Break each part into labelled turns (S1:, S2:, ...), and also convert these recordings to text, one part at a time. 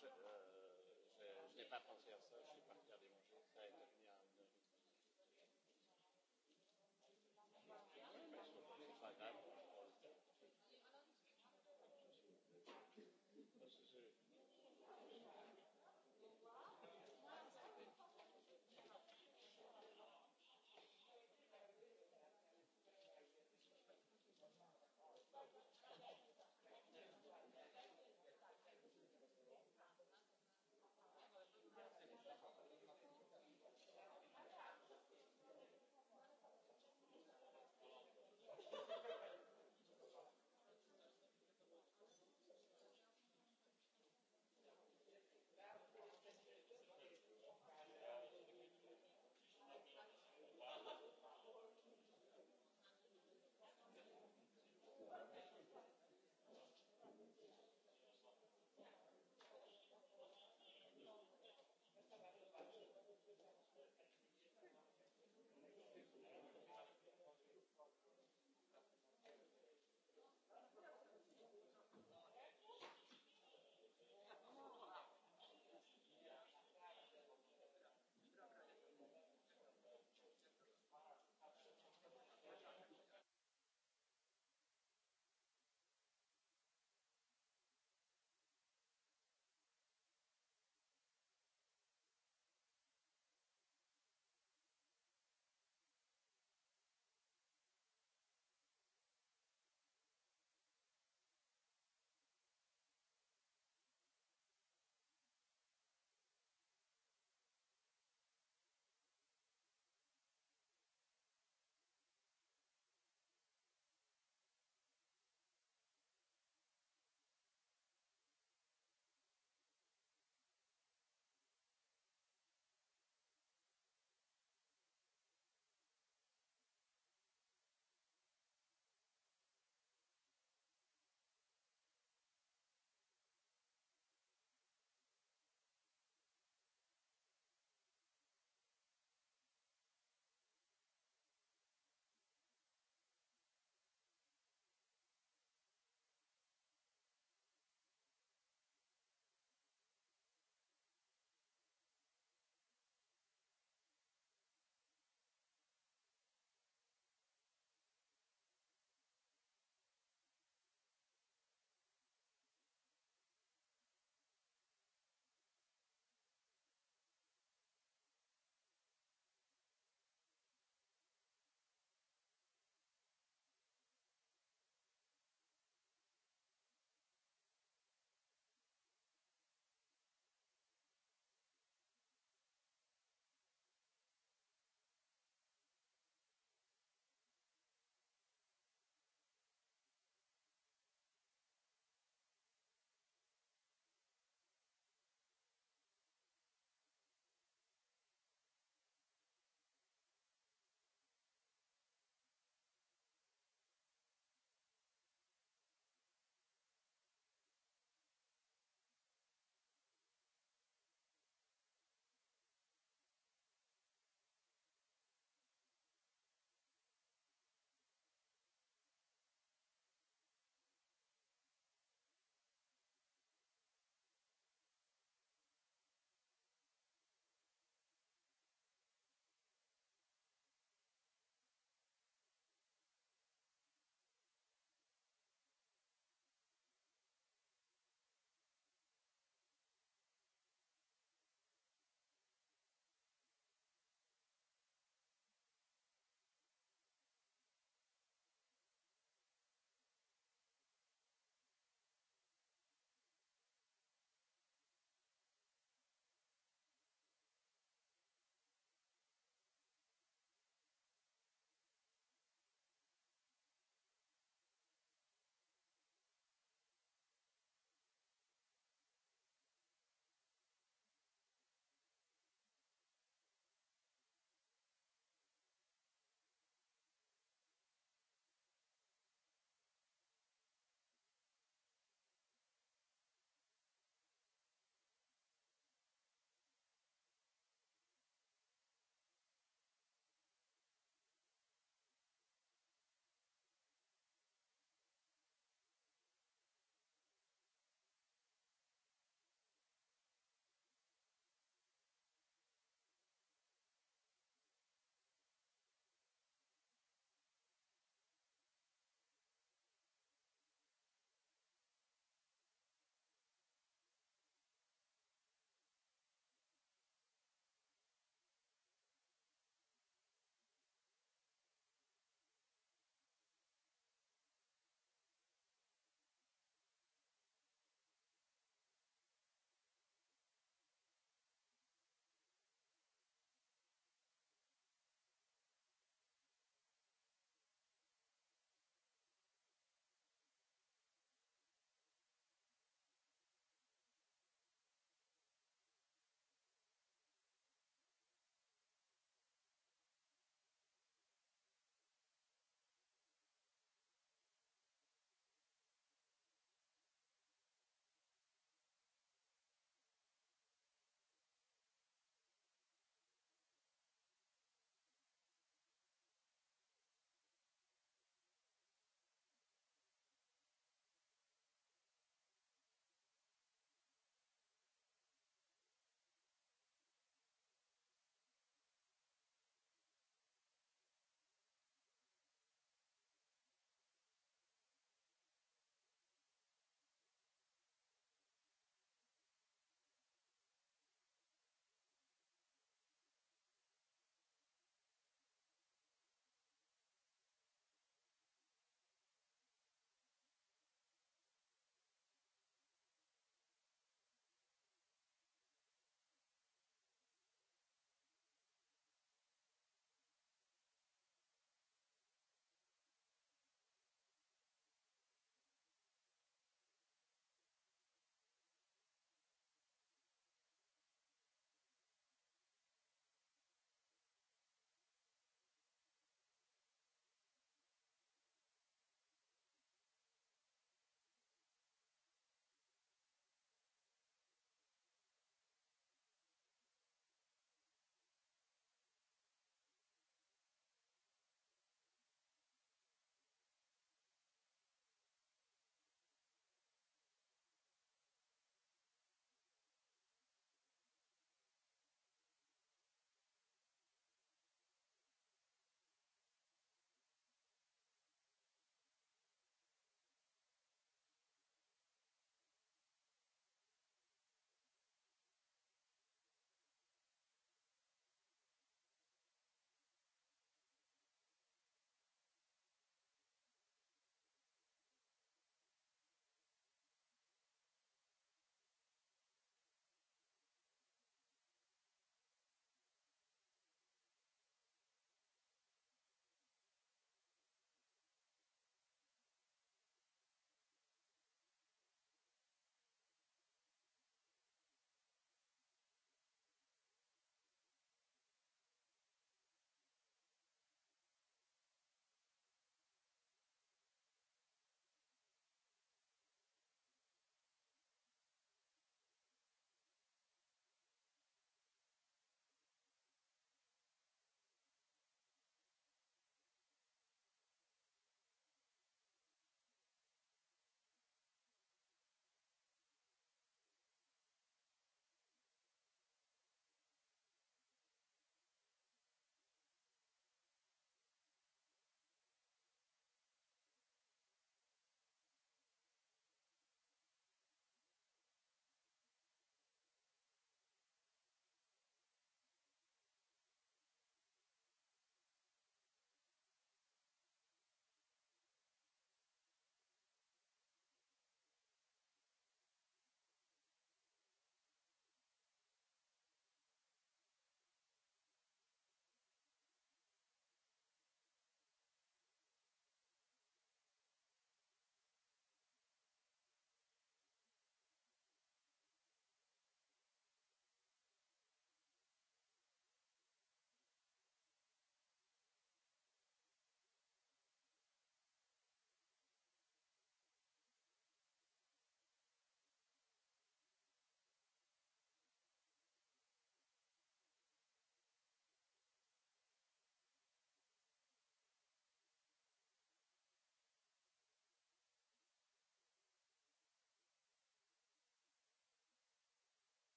S1: je, euh, je, je n'ai pas pensé à ça. Je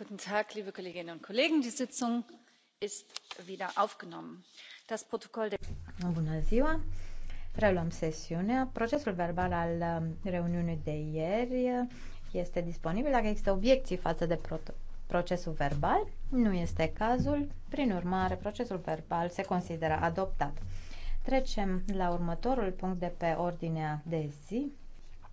S2: guten tag liebe kolleginnen und kollegen! die sitzung ist wieder aufgenommen.
S1: das protokoll der. bună ziua! reluăm sesiunea. procesul verbal al um, reuniunii de ieri este disponibil dacă există obiecții față de procesul verbal. nu este cazul. prin urmare procesul verbal se consideră adoptat. trecem la următorul punct de pe ordinea de zi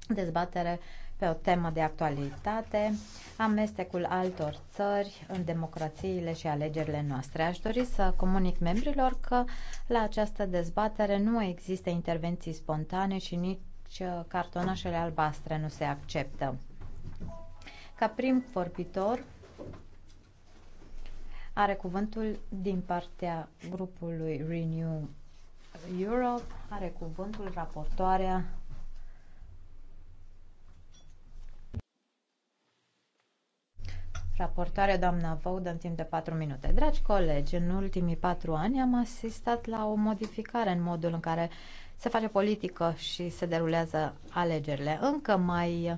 S1: dezbatere pe o temă de actualitate, amestecul altor țări în democrațiile și alegerile noastre. Aș dori să comunic membrilor că la această dezbatere nu există intervenții spontane și nici uh, cartonașele albastre nu se acceptă. Ca prim vorbitor are cuvântul din partea grupului Renew Europe, are cuvântul raportoarea raportoare doamna Vaudă în timp de patru minute. Dragi colegi, în ultimii patru ani am asistat la o modificare în modul în care se face politică și se derulează alegerile. Încă mai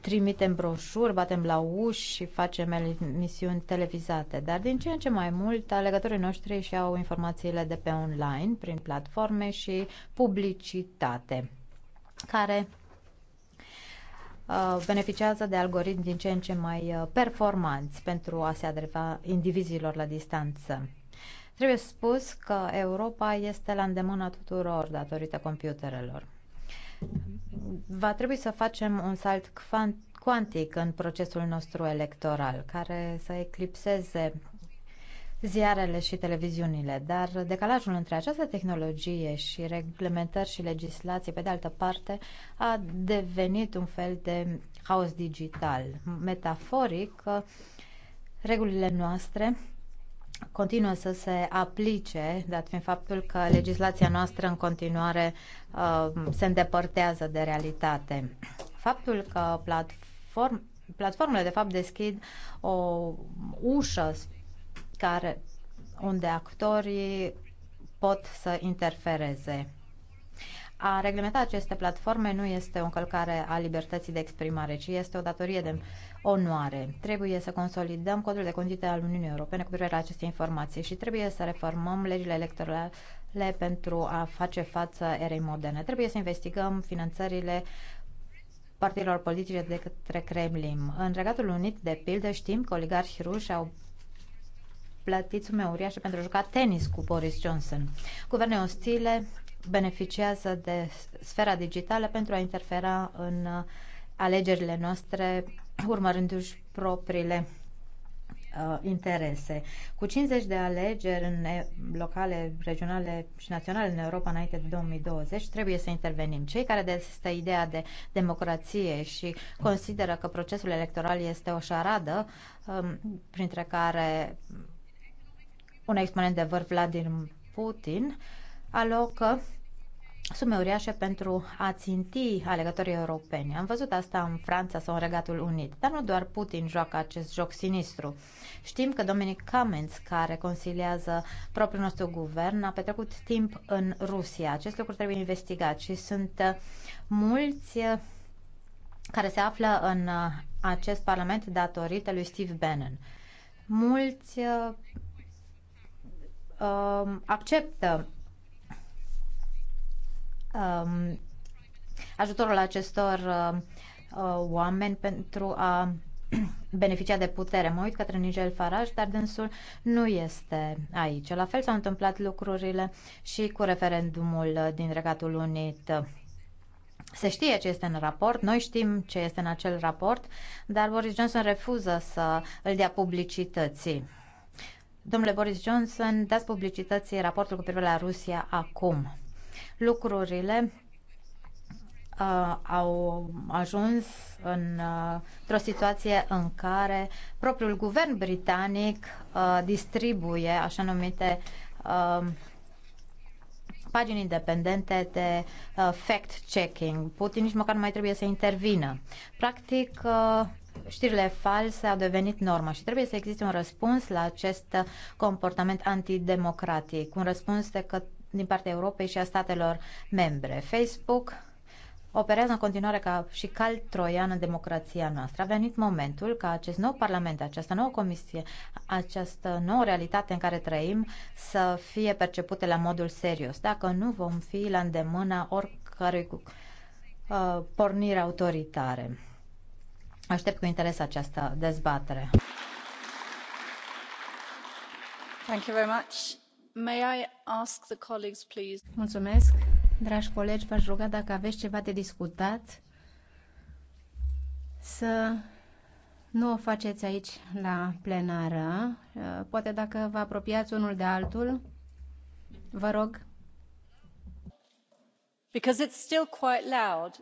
S1: trimitem broșuri, batem la uși și facem emisiuni televizate, dar din ce în ce mai mult alegătorii noștri și au informațiile de pe online, prin platforme și publicitate, care Uh, beneficiază de algoritmi din ce în ce mai uh, performanți pentru a se adresa indivizilor la distanță. Trebuie spus că Europa este la îndemână tuturor datorită computerelor. Va trebui să facem un salt cuantic în procesul nostru electoral, care să eclipseze ziarele și televiziunile, dar decalajul între această tehnologie și reglementări și legislație, pe de altă parte, a devenit un fel de haos digital. Metaforic, regulile noastre continuă să se aplice, dat fiind faptul că legislația noastră în continuare uh, se îndepărtează de realitate. Faptul că platform, platformele de fapt deschid o ușă care, unde actorii pot să interfereze. A reglementa aceste platforme nu este o încălcare a libertății de exprimare, ci este o datorie de onoare. Trebuie să consolidăm codul de conduită al Uniunii Europene cu privire la aceste informații și trebuie să reformăm legile electorale pentru a face față erei moderne. Trebuie să investigăm finanțările partidelor politice de către Kremlin. În Regatul Unit, de pildă, știm că oligarhii ruși au plătiți sume uriașe pentru a juca tenis cu Boris Johnson. Guverne ostile beneficiază de sfera digitală pentru a interfera în alegerile noastre, urmărindu-și propriile uh, interese. Cu 50 de alegeri în locale, regionale și naționale în Europa înainte de 2020, trebuie să intervenim. Cei care desistă ideea de democrație și consideră că procesul electoral este o șaradă, um, printre care un exponent de vârf, Vladimir Putin, alocă sume uriașe pentru a ținti alegătorii europeni. Am văzut asta în Franța sau în Regatul Unit, dar nu doar Putin joacă acest joc sinistru. Știm că Dominic Cummins, care consiliază propriul nostru guvern, a petrecut timp în Rusia. Acest lucru trebuie investigat și sunt uh, mulți uh, care se află în uh, acest parlament datorită lui Steve Bannon. Mulți um, acceptă um, ajutorul acestor um, uh, oameni pentru a beneficia de putere. Mă uit către Nigel Farage, dar dânsul nu este aici. La fel s-au întâmplat lucrurile și cu referendumul din Regatul Unit. Se știe ce este în raport, noi știm ce este în acel raport, dar Boris Johnson refuză să îl dea publicității. Domnule Boris Johnson, dați publicității raportul cu privire la Rusia acum. Lucrurile uh, au ajuns în, uh, într-o situație în care propriul guvern britanic uh, distribuie așa numite uh, pagini independente de uh, fact-checking. Putin nici măcar nu mai trebuie să intervină. Practic, uh, știrile false au devenit normă și trebuie să existe un răspuns la acest comportament antidemocratic, un răspuns de că, din partea Europei și a statelor membre. Facebook operează în continuare ca și cal troian în democrația noastră. A venit momentul ca acest nou parlament, această nouă comisie, această nouă realitate în care trăim să fie percepute la modul serios. Dacă nu vom fi la îndemâna oricărui uh, pornire autoritare. Aștept cu interes această dezbatere.
S2: Thank you very much. May I ask the colleagues, please? Mulțumesc. Dragi colegi, v-aș ruga dacă aveți ceva de discutat să nu o faceți aici la plenară. Poate dacă vă apropiați unul de altul, vă rog. Because it's still quite loud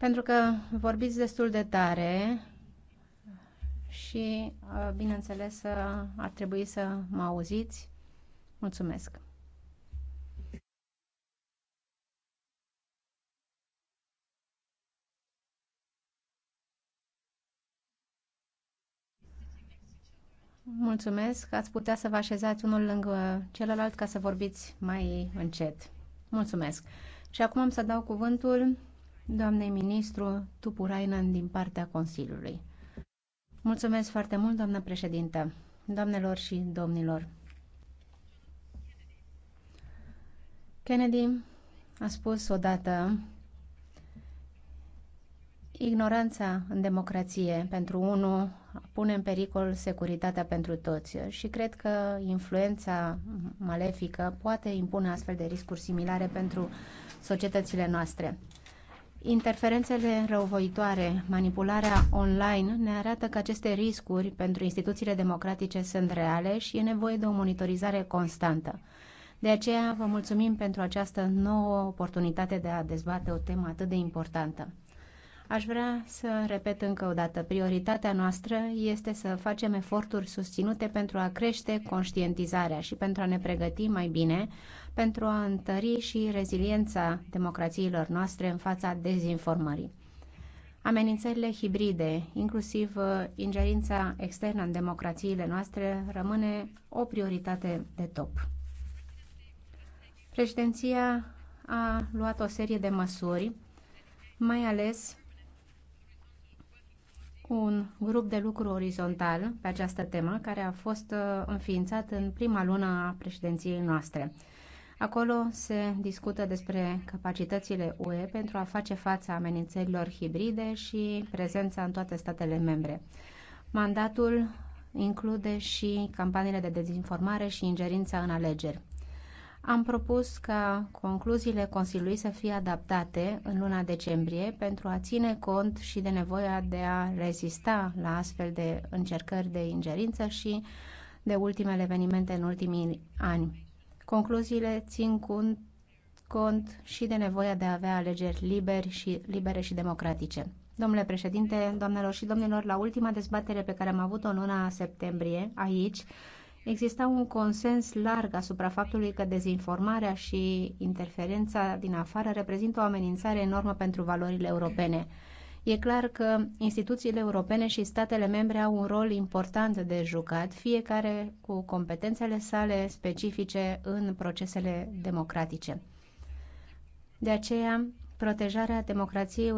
S2: pentru că vorbiți destul de tare și, uh, bineînțeles, uh, ar trebui să mă auziți. Mulțumesc! Mulțumesc. Ați putea să vă așezați unul lângă celălalt ca să vorbiți mai încet. Mulțumesc. Și acum am să dau cuvântul doamnei ministru Tupurainen din partea Consiliului. Mulțumesc foarte mult, doamnă președintă, doamnelor și domnilor. Kennedy a spus odată Ignoranța în democrație pentru unul pune în pericol securitatea pentru toți și cred că influența malefică poate impune astfel de riscuri similare pentru societățile noastre. Interferențele răuvoitoare, manipularea online ne arată că aceste riscuri pentru instituțiile democratice sunt reale și e nevoie de o monitorizare constantă. De aceea vă mulțumim pentru această nouă oportunitate de a dezbate o temă atât de importantă. Aș vrea să repet încă o dată, prioritatea noastră este să facem eforturi susținute pentru a crește conștientizarea și pentru a ne pregăti mai bine pentru a întări și reziliența democrațiilor noastre în fața dezinformării. Amenințările hibride, inclusiv uh, ingerința externă în democrațiile noastre, rămâne o prioritate de top. Președinția a luat o serie de măsuri, mai ales un grup de lucru orizontal pe această temă, care a fost uh, înființat în prima lună a președinției noastre. Acolo se discută despre capacitățile UE pentru a face față amenințărilor hibride și prezența în toate statele membre. Mandatul include și campaniile de dezinformare și ingerința în alegeri. Am propus ca concluziile Consiliului să fie adaptate în luna decembrie pentru a ține cont și de nevoia de a rezista la astfel de încercări de ingerință și de ultimele evenimente în ultimii ani. Concluziile țin cont, cont și de nevoia de a avea alegeri liberi și, libere și democratice. Domnule președinte, doamnelor și domnilor, la ultima dezbatere pe care am avut-o în luna septembrie, aici, exista un consens larg asupra faptului că dezinformarea și interferența din afară reprezintă o amenințare enormă pentru valorile europene. E clar că instituțiile europene și statele membre au un rol important de jucat, fiecare cu competențele sale specifice în procesele democratice. De aceea, protejarea democrației